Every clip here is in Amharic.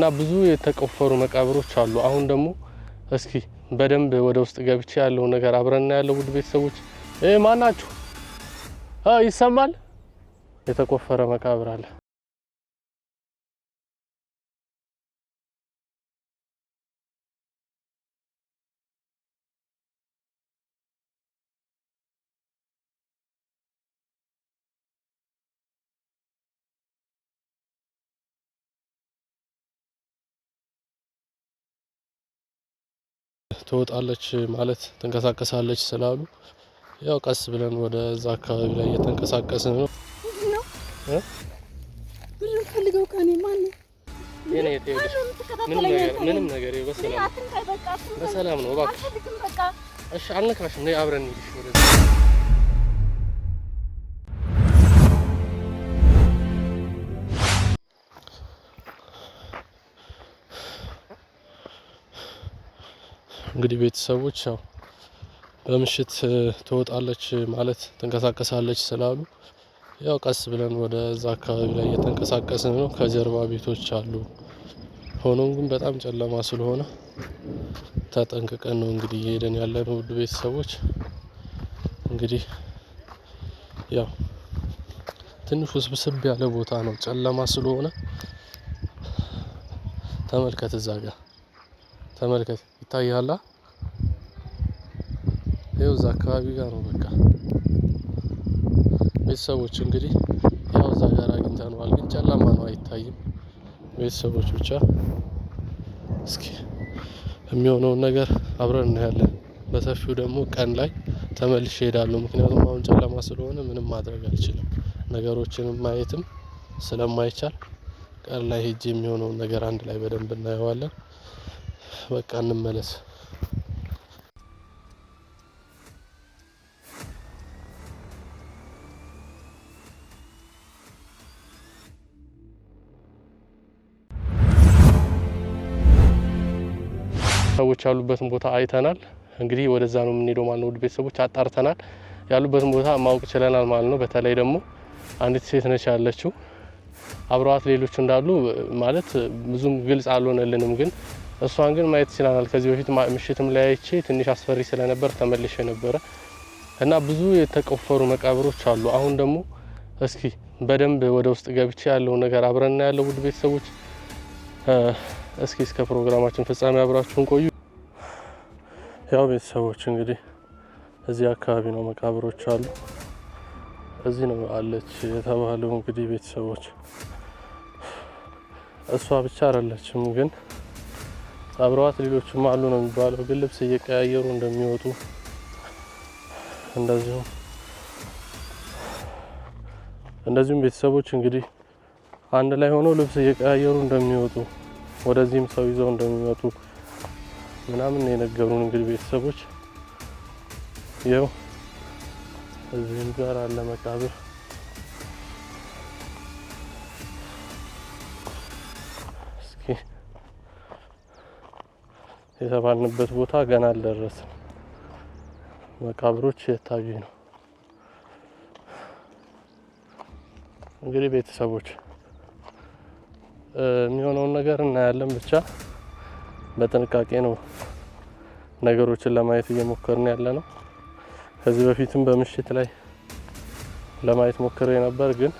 እና ብዙ የተቆፈሩ መቃብሮች አሉ። አሁን ደግሞ እስኪ በደንብ ወደ ውስጥ ገብቼ ያለው ነገር አብረና ያለው ውድ ቤተሰቦች ማናችሁ ይሰማል? የተቆፈረ መቃብር አለ። ትወጣለች ማለት ትንቀሳቀሳለች ስላሉ ያው ቀስ ብለን ወደዛ አካባቢ ላይ እየተንቀሳቀስን ነው። ምንም ነገር በሰላም ነው። እባክሽ አልነካሽም። አብረን እንግዲህ ቤተሰቦች ያው በምሽት ትወጣለች ማለት ትንቀሳቀሳለች ስላሉ ያው ቀስ ብለን ወደዛ አካባቢ ላይ እየተንቀሳቀስን ነው። ከጀርባ ቤቶች አሉ። ሆኖም ግን በጣም ጨለማ ስለሆነ ተጠንቅቀን ነው እንግዲህ እየሄደን ያለ ነው። ውድ ቤተሰቦች እንግዲህ ያው ትንሽ ውስብስብ ያለ ቦታ ነው፣ ጨለማ ስለሆነ ተመልከት፣ እዛ ጋር ተመልከት፣ ይታያላ ይኸው እዛ አካባቢ ጋር ነው። በቃ ቤተሰቦች እንግዲህ ያው እዛ ጋር አግኝተነዋል፣ ግን ጨለማ ነው አይታይም። ቤተሰቦች ብቻ እስኪ የሚሆነውን ነገር አብረን እናያለን። በሰፊው ደግሞ ቀን ላይ ተመልሼ እሄዳለሁ፣ ምክንያቱም አሁን ጨለማ ስለሆነ ምንም ማድረግ አልችልም፣ ነገሮችንም ማየትም ስለማይቻል ቀን ላይ ሄጄ የሚሆነውን ነገር አንድ ላይ በደንብ እናየዋለን። በቃ እንመለስ። ሰዎች ያሉበትን ቦታ አይተናል። እንግዲህ ወደዛ ነው የምንሄደው ማለት ነው። ውድ ቤተሰቦች አጣርተናል፣ ያሉበትን ቦታ ማወቅ ችለናል ማለት ነው። በተለይ ደግሞ አንዲት ሴት ነች ያለችው፣ አብረዋት ሌሎች እንዳሉ ማለት ብዙም ግልጽ አልሆነልንም፣ ግን እሷን ግን ማየት ይችላናል። ከዚህ በፊት ምሽትም ላይ አይቼ ትንሽ አስፈሪ ስለነበር ተመልሼ ነበረ እና ብዙ የተቆፈሩ መቃብሮች አሉ። አሁን ደግሞ እስኪ በደንብ ወደ ውስጥ ገብቼ ያለውን ነገር አብረና ያለው ውድ ቤተሰቦች እስኪ እስከ ፕሮግራማችን ፍጻሜ አብራችሁን ቆዩ። ያው ቤተሰቦች እንግዲህ እዚህ አካባቢ ነው መቃብሮች አሉ። እዚህ ነው አለች የተባለው እንግዲህ ቤተሰቦች እሷ ብቻ አይደለችም፣ ግን አብረዋት ሌሎችም አሉ ነው የሚባለው። ግን ልብስ እየቀያየሩ እንደሚወጡ እንደዚሁም እንደዚሁም ቤተሰቦች እንግዲህ አንድ ላይ ሆነው ልብስ እየቀያየሩ እንደሚወጡ ወደዚህም ሰው ይዘው እንደሚመጡ ምናምን የነገሩን እንግዲህ ቤተሰቦች ይኸው እዚህም ጋር አለ መቃብር። እስኪ የተባልንበት ቦታ ገና አልደረስም መቃብሮች የታዩ ነው እንግዲህ ቤተሰቦች የሚሆነውን ነገር እናያለን። ብቻ በጥንቃቄ ነው ነገሮችን ለማየት እየሞከርን ያለ ነው። ከዚህ በፊትም በምሽት ላይ ለማየት ሞክሬ ነበር፣ ግን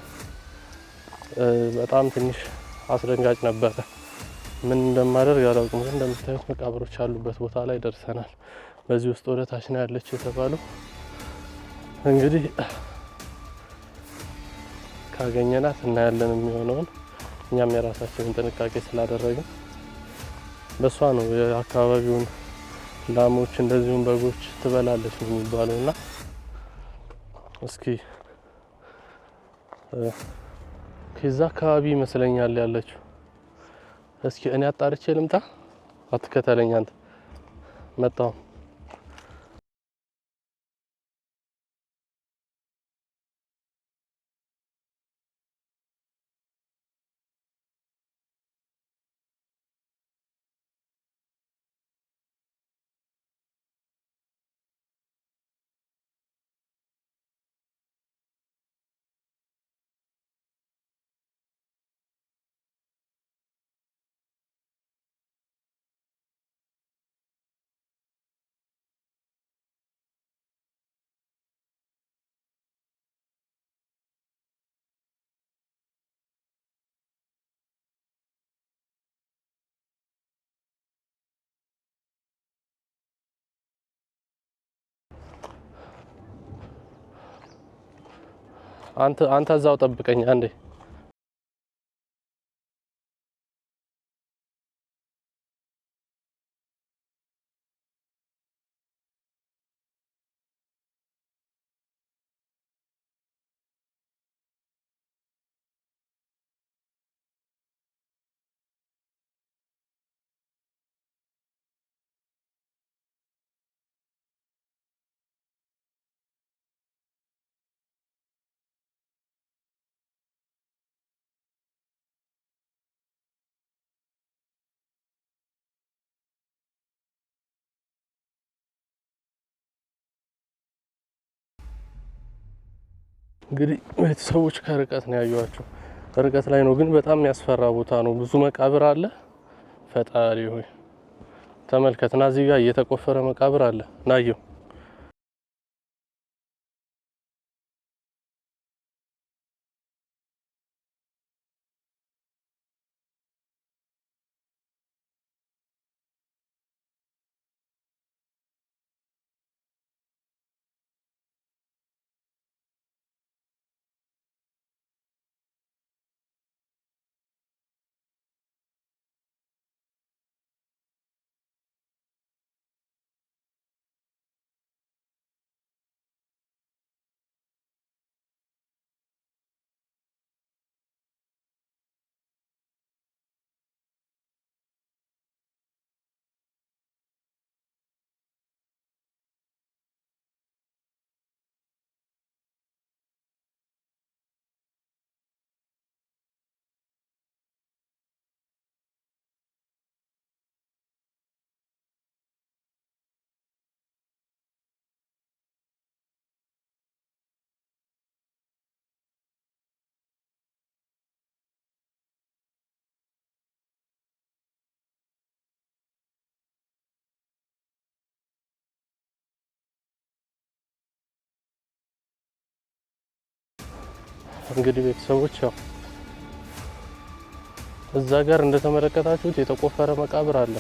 በጣም ትንሽ አስደንጋጭ ነበረ። ምን እንደማደርግ አላውቅም። ግን እንደምታዩት መቃብሮች ያሉበት ቦታ ላይ ደርሰናል። በዚህ ውስጥ ወደ ታች ነው ያለች የተባለው። እንግዲህ ካገኘናት እናያለን የሚሆነውን እኛም የራሳችንን ጥንቃቄ ስላደረግን በእሷ ነው የአካባቢውን ላሞች እንደዚሁም በጎች ትበላለች ነው የሚባለው እና እስኪ ከዛ አካባቢ ይመስለኛል ያለችው። እስኪ እኔ አጣርቼ ልምጣ። አትከተለኝ አንተ አንተ አንተ እዛው ጠብቀኝ አንዴ እንግዲህ ቤተሰቦች ከርቀት ነው ያዩዋቸው። ርቀት ላይ ነው ግን በጣም የሚያስፈራ ቦታ ነው። ብዙ መቃብር አለ። ፈጣሪ ሆይ ተመልከትና እዚህ ጋር እየተቆፈረ መቃብር አለ ናየው እንግዲህ ቤተሰቦች ያው እዛ ጋር እንደተመለከታችሁት የተቆፈረ መቃብር አለ።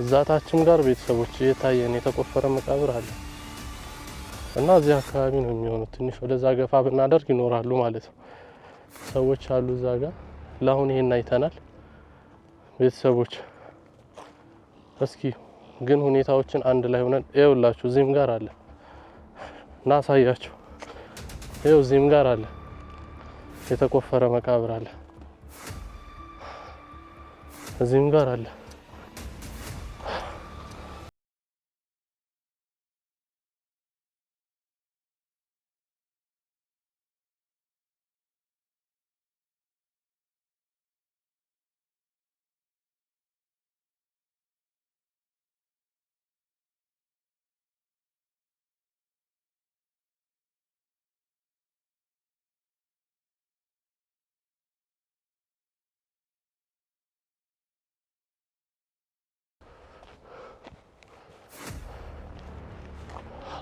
እዛ ታችም ጋር ቤተሰቦች እየታየን የተቆፈረ መቃብር አለ እና እዚህ አካባቢ ነው የሚሆኑት። ትንሽ ወደዛ ገፋ ብናደርግ ይኖራሉ ማለት ነው። ሰዎች አሉ እዛ ጋር። ለአሁን ይሄን አይተናል ቤተሰቦች። እስኪ ግን ሁኔታዎችን አንድ ላይ ሆነን ይኸውላችሁ፣ እዚህም ጋር አለ እናሳያችሁ። ይኸው እዚህም ጋር አለ የተቆፈረ መቃብር አለ። እዚህም ጋር አለ።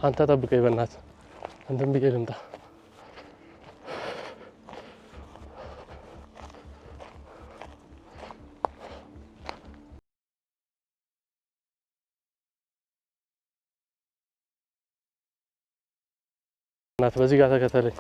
አንተ ጠብቀኝ፣ በእናትህ እንትን ብዬ ልምጣ። እናት በዚህ ጋር ተከተለኝ።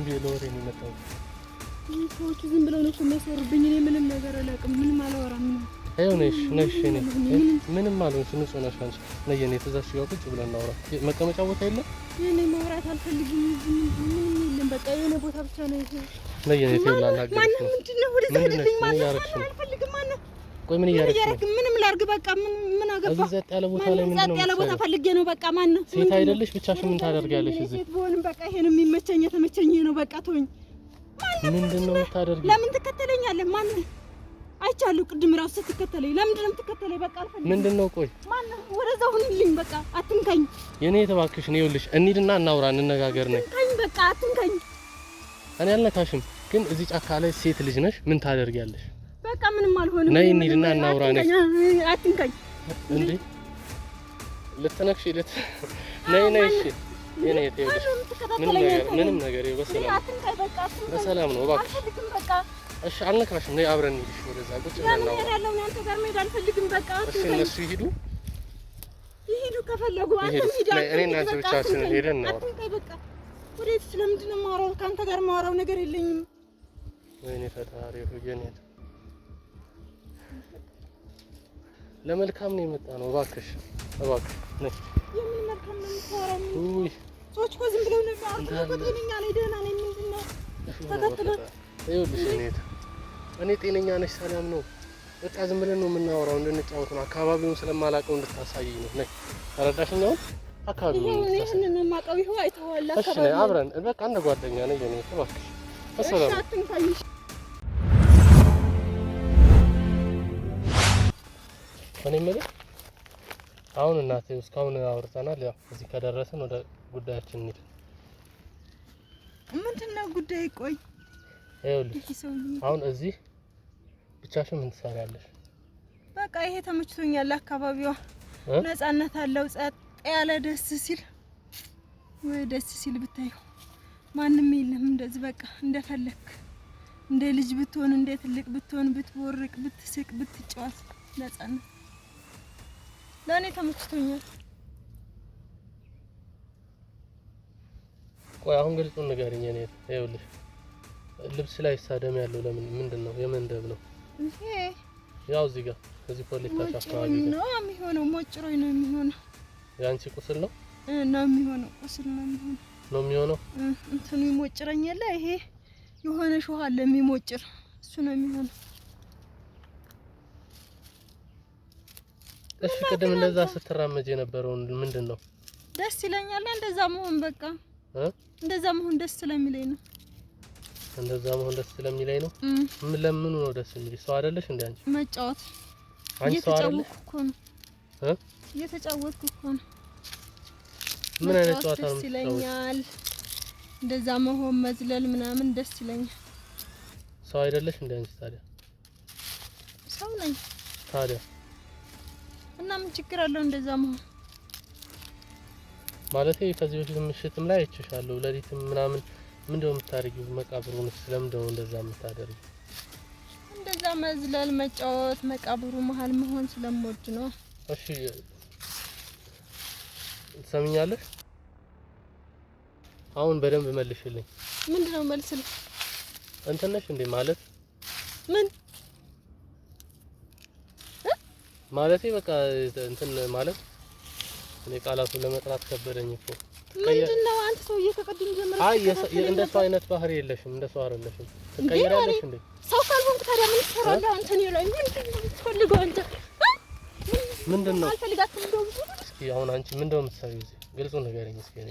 እንዴ ለወሬ ነው የመጣሁት። ሰዎቹ ዝም ብለው ነው የሚያስወሩብኝ። እኔ ምንም ነገር አላውቅም። ምንም አላወራም። ነሽ ነሽ ምንም አልሆንሽም። ንጹህ ነሽ አንቺ። ነይ የኔ ትእዛዝ ጋር ቁጭ ብለን እናውራ። መቀመጫ ቦታ የለም። እኔ ማውራት አልፈልግም። ምንም የለም። በቃ የሆነ ቦታ ብቻ ነው። ነይ የኔ ትእዛዝ ላናግርሽ ነው። ምንድን ነው? ወደዛ አይደለም። ማውራት አልፈልግም። ማነው ቆይ ምን እያደረክ? ምንም ላርግ በቃ ምን ምን አገባ? እዚህ ጸጥ ያለ ቦታ ላይ ምን ነው ጸጥ ያለ ቦታ ፈልጌ ነው። በቃ ማን ነው? ሴት አይደለሽ? ብቻሽን ምን ታደርጊያለሽ እዚህ? ሴት ብሆንም በቃ ይሄን የሚመቸኝ የተመቸኝ ነው። በቃ ተወኝ። ምንድን ነው የምታደርጊው? ለምን ትከተለኛለህ? ማን ነው? አይቻለሁ፣ ቅድም እራሱ ስትከተለኝ። ለምንድን ነው የምትከተለኝ? በቃ አልፈልግም። ምንድን ነው? ቆይ ማን ነው? ወደዛ ሁንልኝ፣ በቃ አትንከኝ የኔ የተባክሽ ነው። ይኸውልሽ፣ እንሂድና እናውራ፣ እንነጋገር ነኝ። አትንካኝ፣ በቃ አትንከኝ እኔ አልነካሽም፣ ግን እዚህ ጫካ ላይ ሴት ልጅ ነሽ፣ ምን ታደርጊያለሽ? በቃ ምንም አልሆንም። ነይ እንሂድና እናውራ። ነይ አትንካኝ እንዴ! ልትነክሽ ልት ነይ ነይ። እሺ የኔ ነገር ምንም ነገር በሰላም ነው እባክሽ። እሺ አልነካሽም። ነይ አብረን እንሂድ። ወደዛ ቁጭ ብለን ነው ያለው። አንተ ጋር መሄድ አልፈልግም። በቃ እሺ እነሱ ይሄዱ ከፈለጉ አንተም እኔ እናንተ ሄደን ነው በቃ ወዴት? ስለምንድን ነው የማወራው? ከአንተ ጋር የማወራው ነገር የለኝም። ወይኔ ፈጣሪ ሆይ ለመልካም ነው የመጣ ነው። እባክሽ እባክሽ ነይ። ነው ዝም ነው። ነው እኔ ጤነኛ ነሽ፣ ሰላም ነው። በቃ ዝም ብለን ነው የምናወራው፣ እንድንጫወት ነው። አካባቢውን ስለማላውቀው እንድታሳይኝ ነው። ነይ ተረዳሽኝ አብረን በቃ እንደ ጓደኛ ነኝ እኔ እባክሽ እኔ የምልህ አሁን እናቴ እስካሁን አውርተናል። ያው እዚህ ከደረስን ወደ ጉዳያችን እንሂድ። ምንድነው ነው ጉዳይ? ቆይ አሁን እዚህ ብቻሽን ምን ትሰሪያለሽ? በቃ ይሄ ተመችቶኛል። አካባቢዋ ነጻነት አለው፣ ጸጥ ያለ ደስ ሲል ወይ ደስ ሲል ብታየው ማንም የለም እንደዚህ በቃ እንደፈለክ እንደ ልጅ ብትሆን እንደ ትልቅ ብትሆን ብትቦርቅ፣ ብትስቅ፣ ብትጫወት ነጻነት ለእኔ ተመችቶኛል። ቆይ አሁን ግልጹን ንገሪኝ። እኔ ይኸውልሽ ልብስ ላይ ሳደም ያለው ለምን ምንድን ነው? የመንደብ ነው ይሄ? ያው እዚህ ጋር እዚህ ኮሌታ አካባቢ ነው የሚሆነው። ሞጭሮኝ ነው የሚሆነው። የአንቺ ቁስል ነው ነው የሚሆነው። ቁስል ነው የሚሆነው ነው የሚሆነው። እንትኑ ይሞጭረኝ የለ ይሄ የሆነ ሾህ አለ የሚሞጭር፣ እሱ ነው የሚሆነው። እሺ ቅድም እንደዛ ስትራመጅ የነበረው ምንድን ነው? ደስ ይለኛል እንደዛ መሆን በቃ እንደዛ መሆን ደስ ስለሚለኝ ነው። እንደዛ መሆን ደስ ስለሚለኝ ነው። ምን ለምኑ ነው ደስ የሚል ሰው አይደለሽ እንዴ አንቺ? መጫወት አንቺ ሰው አይደለሽ እኮ ነው እ እየተጫወትኩ እኮ ነው። ምን አይነት ጨዋታ ነው? ደስ ይለኛል እንደዛ መሆን መዝለል ምናምን ደስ ይለኛል። ሰው አይደለሽ እንዴ አንቺ ታዲያ? ሰው ነኝ ታዲያ እና ምን ችግር አለው እንደዛ መሆን? ማለት ከዚህ በፊት ምሽትም ላይ አይቼሻለሁ፣ ሌሊትም ምናምን ምንድነው የምታደርጊው? መቃብሩን ስለምንድነው እንደዛ የምታደርጊው? እንደዛ መዝለል፣ መጫወት፣ መቃብሩ መሀል መሆን ስለምወድ ነው። እሺ ትሰምኛለሽ? አሁን በደንብ መልሽልኝ። ምንድነው መልስልኝ? እንትነሽ እንዴ ማለት ምን ማለቴ በቃ እንትን ማለት እኔ ቃላቱን ለመጥራት ከበደኝ እኮ። ምንድነው አንተ ሰውዬ ከቀድም ጀምሮ አይ እንደ ሰው አይነት ባህሪ የለሽም፣ እንደ ሰው አይደለሽም። እንዴ? ሰው ታዲያ ምን ትሰራለህ አንተ? ላይ አንተ? ምንድነው አልፈልጋትም እስኪ አሁን አንቺ ምንድነው የምትሰሪው? ግልጹ ንገረኝ እስኪ እኔ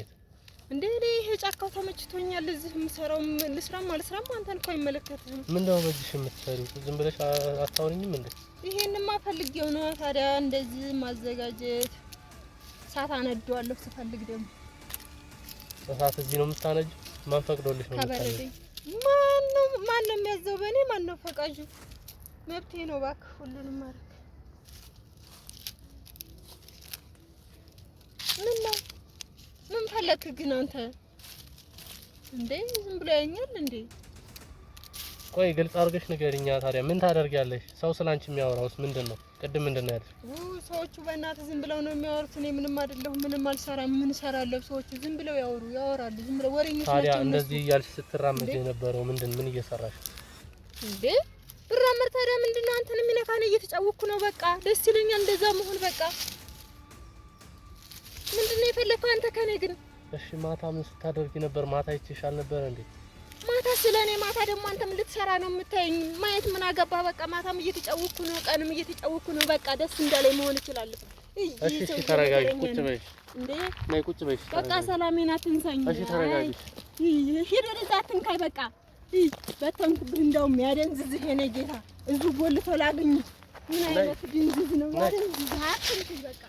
እንዴ እኔ ይሄ ጫካው ተመችቶኛል። እዚህ የምሰራው ልስራም አልስራም አንተን እኮ አይመለከትህም። ምን ነው በዚህ የምትሰሪው? ዝም ብለሽ አታውሪኝም እንዴ? ይሄንማ ፈልጌው ነው ታዲያ። እንደዚህ ማዘጋጀት እሳት አነደዋለሁ ስፈልግ። ደግሞ እሳት እዚህ ነው የምታነጂው? ማን ፈቅዶልሽ ነው? ከበረደኝ። ማን ነው ማን ነው የሚያዘው? በእኔ ማን ነው ፈቃጁ? መብቴ ነው እባክህ፣ ሁሉንም ማድረግ ምን ምን ፈለክ ግን አንተ እንዴ? ዝም ብሎ ያኛል እንዴ? ቆይ ግልጽ አድርገሽ ንገሪኛ። ታዲያ ምን ታደርጊያለሽ? ሰው ስላንቺ የሚያወራውስ ምንድን ነው? ቅድም ምንድን ነው ያለሽ? ሰዎቹ ዝም ብለው ነው የሚያወሩት። እኔ ምንም አይደለሁ፣ ምንም አልሰራም። ምን እሰራለሁ? ሰዎቹ ዝም ብለው ያወሩ ያወራሉ። ዝም ብለው ወሬኞች ናቸው። ታዲያ እንደዚህ እያልሽ ስትራመድ የነበረው ምንድን ምን እየሰራሽ እንዴ? ብራመር ታዲያ ምንድን ነው አንተን የሚነካ? እኔ እየተጫወኩ ነው በቃ። ደስ ይለኛል እንደዛ መሆን በቃ የፈለግከው አንተ ከኔ ግን እሺ፣ ማታ ምን ስታደርጊ ነበር? ማታ ይችሻል ነበር እንዴ? ማታ ስለኔ ማታ ደግሞ ምን ልትሰራ ነው የምታየኝ። ማየት ምን አገባ? በቃ ማታም እየተጫወኩ ነው፣ ቀንም እየተጫወኩ ነው። በቃ ደስ እንዳለኝ መሆን ይችላል። እሺ፣ እሺ፣ ተረጋጊ። ቁጭ በይ እንዴ፣ ነይ ቁጭ በይ። በቃ ሰላሜን አትንሳኝ። እሺ፣ ተረጋጊ። ሂድ ወደዛ፣ አትንካኝ። በቃ በተንኩብህ። እንደውም ያደንዝዝህ የኔ ጌታ፣ እዚሁ ጎልቶ ላግኝ። ምን አይነት ድንዝዝ ነው! ያደንዝዝህ። አትንኩኝ በቃ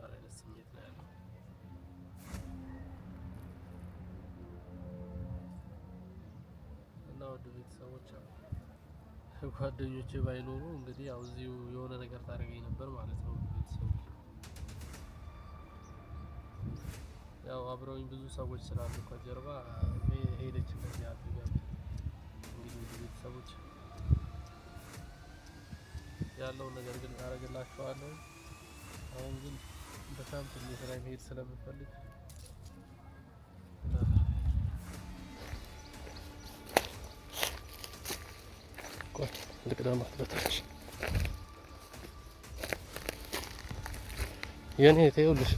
የተሻለ አይነት ስሜት ነው ያለው። እና ውድ ቤተሰቦች ጓደኞቼ ባይኖሩ እንግዲህ ያው እዚሁ የሆነ ነገር ታደርገኝ ነበር ማለት ነው። ቤተሰቦች ያው አብረውኝ ብዙ ሰዎች ስላሉ ከጀርባ ሄደች እንደዚህ አድርጋል። እንግዲህ ውድ ቤተሰቦች ያለውን ነገር ግን አደርግላችኋለሁ። አሁን ግን በጣም ትልቅ ስራ መሄድ ስለምፈልግ ልቅዳማት በታች የኔ ይኸውልሽ፣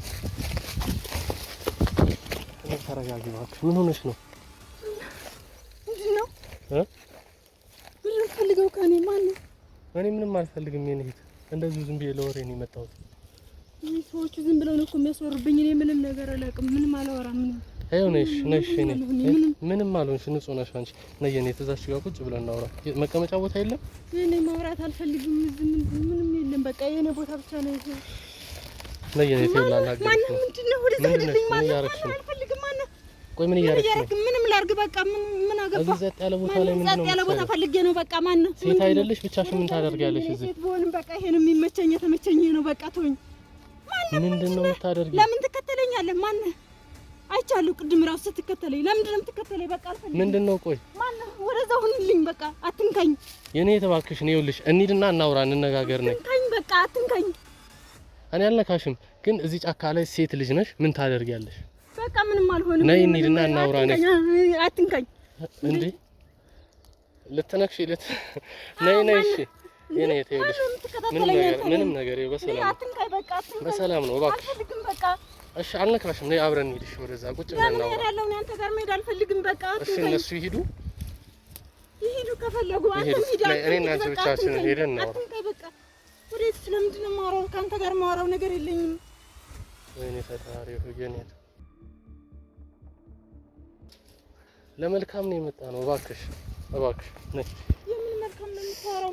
ተረጋጊ እባክሽ። ምን ሆነሽ ነው? ምንድነው ፈልገው? ከኔ ማን ነው? እኔ ምንም አልፈልግም። የኔ እህት እንደዚሁ ዝም ብዬ ለወሬ ነው የመጣሁት። ሰዎቹ ዝም ብለው ነው እኮ የሚያስወሩብኝ። እኔ ምንም ነገር አላውቅም፣ ምንም አላወራም። ይኸው ነሽ ነሽ እኔ ምንም አልሆንሽ፣ ንጹህ ነሽ አንቺ። ነይ እኔ ትእዛዝሽ ጋር ቁጭ ብለን እናውራ። መቀመጫ ቦታ የለም። እኔ ማውራት አልፈልግም፣ ምንም የለም። በቃ የሆነ ቦታ ብቻ ነው ይሄ። ነይ እኔ ተላ አናግርሽ። ማነው ምንድን ነው ምን ሄደልኝ ማለት አልፈልግም። ማነው ቆይ ምን እያደረግሽ ነው? ምንም ላድርግ፣ በቃ ምን ምን አገባ። እዚህ ጸጥ ያለ ቦታ ላይ ምን ጸጥ ያለ ቦታ ፈልጌ ነው በቃ። ማነው ሴት አይደለሽ? ብቻሽን ምን ታደርጊያለሽ እዚህ? ሴት ብሆንም በቃ ይሄ ነው የሚመቸኝ፣ የተመቸኝ ነው በቃ። ተወኝ ምንድን ነው የምታደርጊው? ለምን ትከተለኛለህ? ማን አይቻለሁ። ቅድም ራሱ ስትከተለኝ ለምንድን ነው የምትከተለኝ? በቃ አልፈልግም። ምንድን ነው ቆይ፣ ማን ወደዛ ሁንልኝ። በቃ አትንካኝ። የኔ የተባክሽ ነው። ይኸውልሽ እንሂድና እናውራ፣ እንነጋገር። ነኝ አትንካኝ። በቃ አትንካኝ። እኔ አልነካሽም፣ ግን እዚህ ጫካ ላይ ሴት ልጅ ነሽ። ምን ታደርጊያለሽ? በቃ ምንም አልሆንም። ነይ እንሂድና እናውራ። ነኝ አትንካኝ። እንዴ ልትነክሽ ልት ነይ ነይ። እሺ ምንም ነገር በሰላም ነው። እባክሽ እሺ፣ አልነካሽም። ነይ አብረን እንሂድሽ ወደዛ ቁጭ ብለን ነው ያለው። እኔ አንተ ጋር መሄድ አልፈልግም። በቃ እሺ፣ እነሱ ይሄዱ ይሄዱ፣ ከፈለጉ አንተም እኔ እናንተ ብቻችን ሄደን ነው። ወዴት? ስለምንድን ነው የማወራው? ከአንተ ጋር የማወራው ነገር የለኝም። ወይኔ ፈጣሪ ሆገኔ ለመልካም ነው የመጣ ነው። እባክሽ እባክሽ ነይ። የምን መልካም ነው የምታወራው?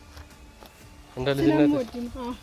እንዳልጅነት